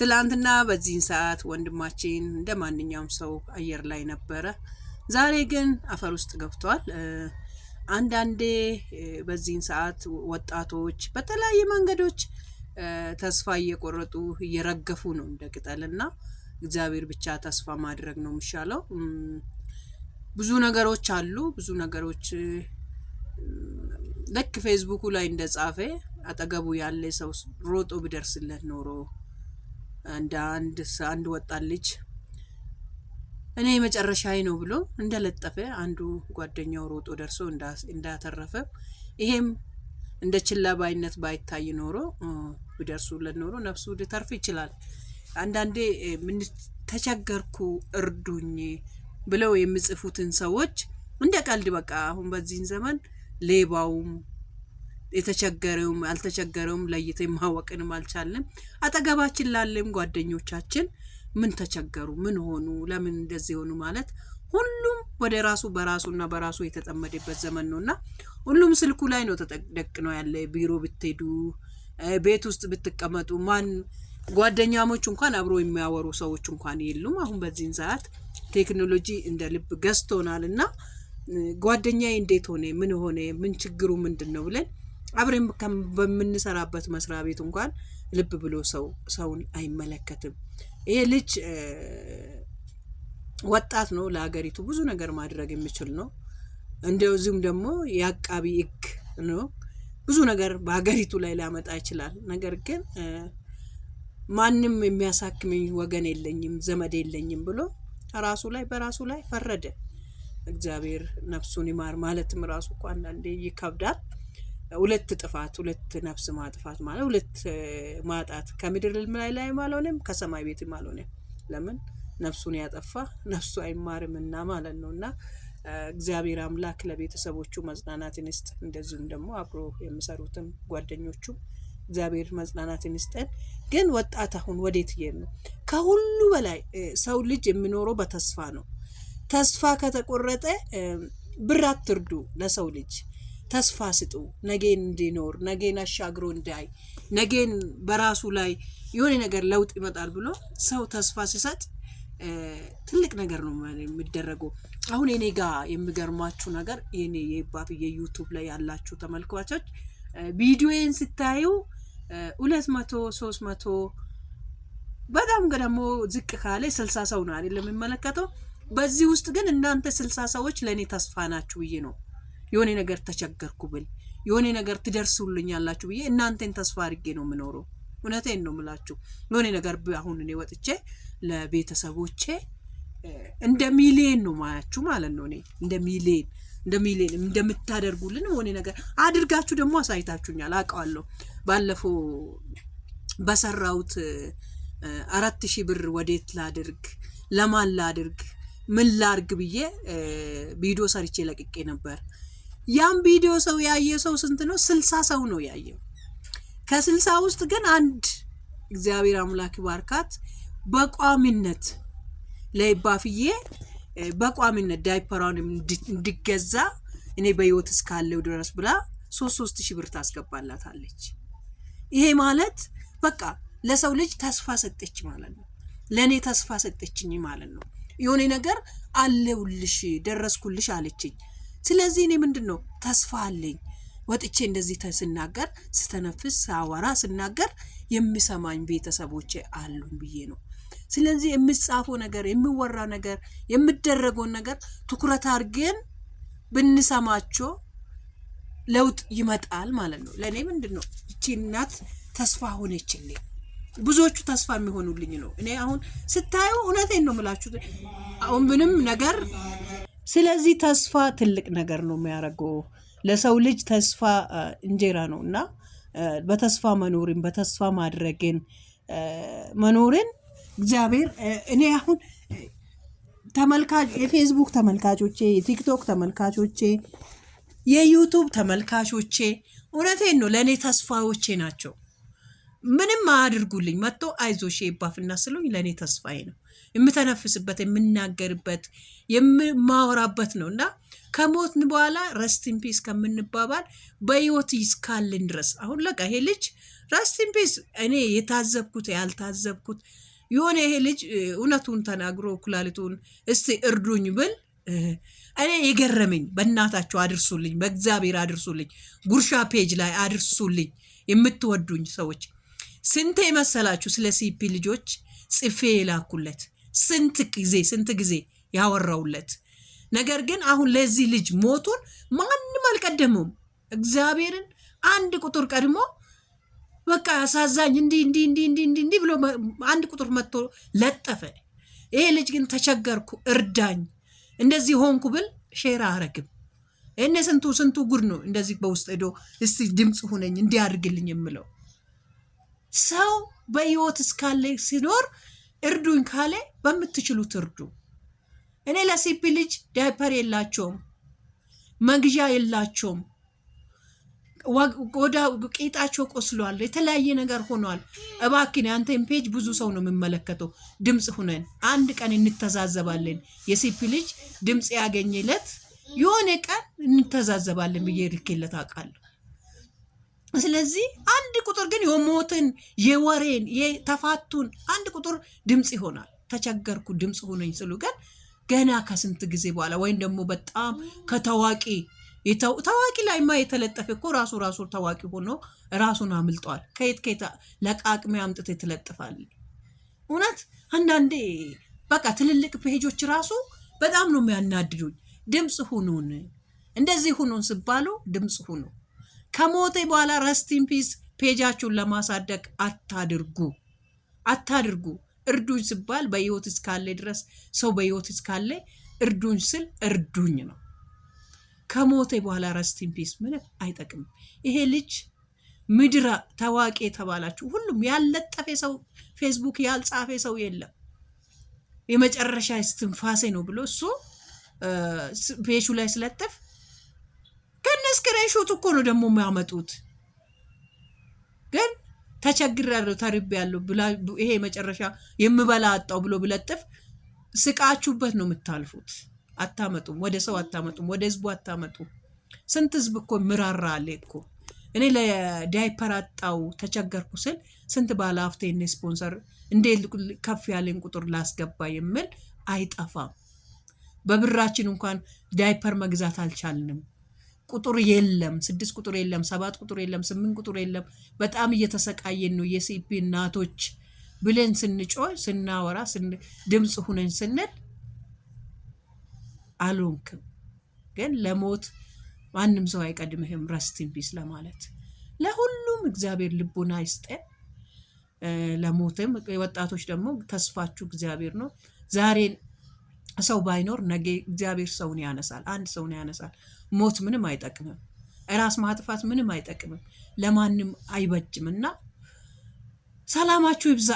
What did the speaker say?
ትላንትና በዚህን ሰዓት ወንድማችን እንደ ማንኛውም ሰው አየር ላይ ነበረ። ዛሬ ግን አፈር ውስጥ ገብቷል። አንዳንዴ በዚህን ሰዓት ወጣቶች በተለያየ መንገዶች ተስፋ እየቆረጡ እየረገፉ ነው እንደ ቅጠል እና እግዚአብሔር ብቻ ተስፋ ማድረግ ነው የሚሻለው። ብዙ ነገሮች አሉ። ብዙ ነገሮች ልክ ፌስቡኩ ላይ እንደጻፈ አጠገቡ ያለ ሰው ሮጦ ቢደርስለት ኖሮ እንደ አንድ አንድ ወጣት ልጅ እኔ መጨረሻዬ ነው ብሎ እንደለጠፈ አንዱ ጓደኛው ሮጦ ደርሶ እንዳተረፈ ይሄም እንደ ችላ ባይነት ባይታይ ኖሮ ቢደርሱለት ኖሮ ነፍሱ ሊተርፍ ይችላል። አንዳንዴ ምን ተቸገርኩ እርዱኝ ብለው የሚጽፉትን ሰዎች እንደ ቀልድ በቃ አሁን በዚህን ዘመን ሌባውም የተቸገረውም ያልተቸገረውም ለይተ የማወቅንም አልቻለም። አጠገባችን ላለም ጓደኞቻችን ምን ተቸገሩ፣ ምን ሆኑ፣ ለምን እንደዚህ ሆኑ ማለት ሁሉም ወደ ራሱ በራሱና በራሱ የተጠመደበት ዘመን ነው እና ሁሉም ስልኩ ላይ ነው ተጠደቅ ነው ያለ። ቢሮ ብትሄዱ፣ ቤት ውስጥ ብትቀመጡ ማን ጓደኛሞች እንኳን አብሮ የሚያወሩ ሰዎች እንኳን የሉም። አሁን በዚህን ሰዓት ቴክኖሎጂ እንደ ልብ ገዝቶናል እና ጓደኛዬ እንዴት ሆነ፣ ምን ሆነ፣ ምን ችግሩ ምንድን ነው ብለን አብሬም በምንሰራበት መስሪያ ቤት እንኳን ልብ ብሎ ሰው ሰውን አይመለከትም። ይሄ ልጅ ወጣት ነው፣ ለሀገሪቱ ብዙ ነገር ማድረግ የሚችል ነው። እንደዚሁም ደግሞ የአቃቢ ሕግ ነው፣ ብዙ ነገር በሀገሪቱ ላይ ሊያመጣ ይችላል። ነገር ግን ማንም የሚያሳክመኝ ወገን የለኝም፣ ዘመድ የለኝም ብሎ ራሱ ላይ በራሱ ላይ ፈረደ። እግዚአብሔር ነፍሱን ይማር ማለትም ራሱ እኮ አንዳንዴ ይከብዳል። ሁለት ጥፋት ሁለት ነፍስ ማጥፋት ማለት ሁለት ማጣት ከምድር ልምላይ ላይ አልሆነም፣ ከሰማይ ቤትም አልሆነም። ለምን ነፍሱን ያጠፋ ነፍሱ አይማርም እና ማለት ነው። እና እግዚአብሔር አምላክ ለቤተሰቦቹ መጽናናትን ይስጥ። እንደዚሁም ደግሞ አብሮ የሚሰሩትም ጓደኞቹ እግዚአብሔር መጽናናትን ይስጠን። ግን ወጣት አሁን ወዴት እየሄድ ነው? ከሁሉ በላይ ሰው ልጅ የሚኖረው በተስፋ ነው። ተስፋ ከተቆረጠ ብር አትርዱ ለሰው ልጅ ተስፋ ስጡ። ነገን እንዲኖር ነገን አሻግሮ እንዳይ ነገን በራሱ ላይ የሆነ ነገር ለውጥ ይመጣል ብሎ ሰው ተስፋ ሲሰጥ ትልቅ ነገር ነው የሚደረገው። አሁን የኔ ጋ የሚገርማችሁ ነገር የኔ የባብዬ ዩቱብ ላይ ያላችሁ ተመልካቾች ቪዲዮዬን ስታዩ ሁለት መቶ ሶስት መቶ በጣም ደግሞ ዝቅ ካለ ስልሳ ሰው ነው አይደለም የሚመለከተው። በዚህ ውስጥ ግን እናንተ ስልሳ ሰዎች ለእኔ ተስፋ ናችሁ ብዬ ነው የሆነ ነገር ተቸገርኩ ብል የሆነ ነገር ትደርሱልኛላችሁ ብዬ እናንተን ተስፋ አድርጌ ነው የምኖረው። እውነቴን ነው ምላችሁ የሆነ ነገር አሁን እኔ ወጥቼ ለቤተሰቦቼ እንደ ሚሊየን ነው ማያችሁ ማለት ነው። እኔ እንደ ሚሊየን እንደ ሚሊየን እንደምታደርጉልን የሆነ ነገር አድርጋችሁ ደግሞ አሳይታችሁኛል፣ አውቀዋለሁ። ባለፈው በሰራሁት አራት ሺህ ብር ወዴት ላድርግ፣ ለማን ላድርግ፣ ምን ላድርግ ብዬ ቪዲዮ ሰርቼ ለቅቄ ነበር። ያም ቪዲዮ ሰው ያየ ሰው ስንት ነው? ስልሳ ሰው ነው ያየው። ከስልሳ ውስጥ ግን አንድ እግዚአብሔር አምላክ ባርካት በቋሚነት ለይባፍዬ በቋሚነት ዳይፐሯን እንዲገዛ እኔ በህይወት እስካለው ድረስ ብላ ሶስት ሶስት ሺህ ብር ታስገባላታለች። ይሄ ማለት በቃ ለሰው ልጅ ተስፋ ሰጠች ማለት ነው። ለእኔ ተስፋ ሰጠችኝ ማለት ነው። የሆነ ነገር አለውልሽ፣ ደረስኩልሽ አለችኝ። ስለዚህ እኔ ምንድን ነው ተስፋ አለኝ ወጥቼ እንደዚህ ስናገር ስተነፍስ ሳወራ ስናገር የሚሰማኝ ቤተሰቦቼ አሉን ብዬ ነው። ስለዚህ የሚጻፈው ነገር የሚወራ ነገር የሚደረገውን ነገር ትኩረት አድርገን ብንሰማቸው ለውጥ ይመጣል ማለት ነው። ለእኔ ምንድን ነው እቺ እናት ተስፋ ሆነችልኝ። ብዙዎቹ ተስፋ የሚሆኑልኝ ነው። እኔ አሁን ስታዩ እውነቴን ነው የምላችሁ። አሁን ምንም ነገር ስለዚህ ተስፋ ትልቅ ነገር ነው የሚያደርገው ለሰው ልጅ ተስፋ እንጀራ ነው እና በተስፋ መኖርን በተስፋ ማድረግን መኖርን እግዚአብሔር እኔ አሁን ተመልካች የፌስቡክ ተመልካቾቼ፣ የቲክቶክ ተመልካቾቼ፣ የዩቱብ ተመልካቾቼ እውነቴን ነው ለእኔ ተስፋዎቼ ናቸው። ምንም አያድርጉልኝ መጥቶ አይዞሽ ባፍና ስሉኝ ለእኔ ተስፋዬ ነው። የምተነፍስበት፣ የምናገርበት፣ የማወራበት ነው እና ከሞትን በኋላ ረስቲን ፒስ ከምንባባል በህይወት ይስካልን ድረስ አሁን ለቃ ይሄ ልጅ ረስቲን ፒስ እኔ የታዘብኩት ያልታዘብኩት የሆነ ይሄ ልጅ እውነቱን ተናግሮ ኩላሊቱን እስቲ እርዱኝ ብል እኔ የገረመኝ በእናታቸው አድርሱልኝ፣ በእግዚአብሔር አድርሱልኝ፣ ጉርሻ ፔጅ ላይ አድርሱልኝ። የምትወዱኝ ሰዎች ስንቴ መሰላችሁ ስለ ሲፒ ልጆች ጽፌ የላኩለት ስንት ጊዜ ስንት ጊዜ ያወራውለት ነገር ግን አሁን ለዚህ ልጅ ሞቱን ማንም አልቀደመውም። እግዚአብሔርን አንድ ቁጥር ቀድሞ በቃ አሳዛኝ እንዲህ እንዲህ እንዲህ እንዲህ እንዲህ ብሎ አንድ ቁጥር መጥቶ ለጠፈ። ይሄ ልጅ ግን ተቸገርኩ፣ እርዳኝ፣ እንደዚህ ሆንኩ ብል ሼር አረግም። ይህን ስንቱ ስንቱ ጉድ ነው እንደዚህ በውስጥ ሄዶ እስቲ ድምፅ ሁነኝ እንዲያድርግልኝ የምለው ሰው በህይወት እስካለ ሲኖር እርዱኝ ካለ በምትችሉት እርዱ። እኔ ለሲፒ ልጅ ዳይፐር የላቸውም፣ መግዣ የላቸውም። ቆዳ ቂጣቸው ቆስሏል፣ የተለያየ ነገር ሆኗል። እባክን የአንተን ፔጅ ብዙ ሰው ነው የሚመለከተው። ድምፅ ሁነን አንድ ቀን እንተዛዘባለን። የሲፒ ልጅ ድምፅ ያገኘለት የሆነ ቀን እንተዛዘባለን ብዬ ልኬለት አውቃለሁ። ስለዚህ አንድ ቁጥር ግን የሞትን የወሬን የተፋቱን አንድ ቁጥር ድምፅ ይሆናል። ተቸገርኩ ድምፅ ሆነኝ ስሉ ግን ገና ከስንት ጊዜ በኋላ ወይም ደግሞ በጣም ከታዋቂ ታዋቂ ላይማ የተለጠፈ እኮ ራሱ ራሱ ታዋቂ ሆኖ ራሱን አምልጧል። ከየት ከየት ለቃቅሜ አምጥቶ የተለጥፋል። እውነት አንዳንዴ በቃ ትልልቅ ፔጆች ራሱ በጣም ነው የሚያናድዱኝ። ድምፅ ሁኑን፣ እንደዚህ ሁኑን ስባሉ ድምፅ ሁኑ። ከሞቴ በኋላ ረስቲን ፒስ ፔጃችሁን ለማሳደግ አታድርጉ አታድርጉ። እርዱኝ ስባል በህይወት እስካለ ድረስ ሰው በህይወት እስካለ እርዱኝ ስል እርዱኝ ነው። ከሞቴ በኋላ ረስቲን ፒስ ምን አይጠቅምም። ይሄ ልጅ ምድራ ታዋቂ የተባላችሁ ሁሉም ያልለጠፈ ሰው ፌስቡክ ያልጻፈ ሰው የለም። የመጨረሻ እስትንፋሴ ነው ብሎ እሱ ፔሹ ላይ ስለጠፍ ከነ ስክሪን ሾት እኮ ነው ደግሞ የሚያመጡት። ግን ተቸግሬያለሁ፣ ተርቤያለሁ፣ ይሄ መጨረሻ የምበላ አጣው ብሎ ብለጥፍ ስቃችሁበት ነው የምታልፉት። አታመጡም፣ ወደ ሰው አታመጡም፣ ወደ ህዝቡ አታመጡም። ስንት ህዝብ እኮ ምራራ አለ እኮ እኔ ለዳይፐር አጣው ተቸገርኩ ስል ስንት ባለ ሀብቴ ስፖንሰር እንዴት ከፍ ያለን ቁጥር ላስገባ የምል አይጠፋም። በብራችን እንኳን ዳይፐር መግዛት አልቻልንም። ቁጥር የለም፣ ስድስት ቁጥር የለም፣ ሰባት ቁጥር የለም፣ ስምንት ቁጥር የለም። በጣም እየተሰቃየን ነው የሲፒ እናቶች ብለን ስንጮ ስናወራ ድምፅ ሁነን ስንል አልሆንክም። ግን ለሞት ማንም ሰው አይቀድምህም። ረስቲን ቢስ ለማለት ለሁሉም እግዚአብሔር ልቡና ይስጠን። ለሞትም ወጣቶች ደግሞ ተስፋችሁ እግዚአብሔር ነው ዛሬን ሰው ባይኖር ነገ እግዚአብሔር ሰውን ያነሳል። አንድ ሰውን ያነሳል። ሞት ምንም አይጠቅምም። እራስ ማጥፋት ምንም አይጠቅምም፣ ለማንም አይበጅም እና ሰላማችሁ ይብዛ።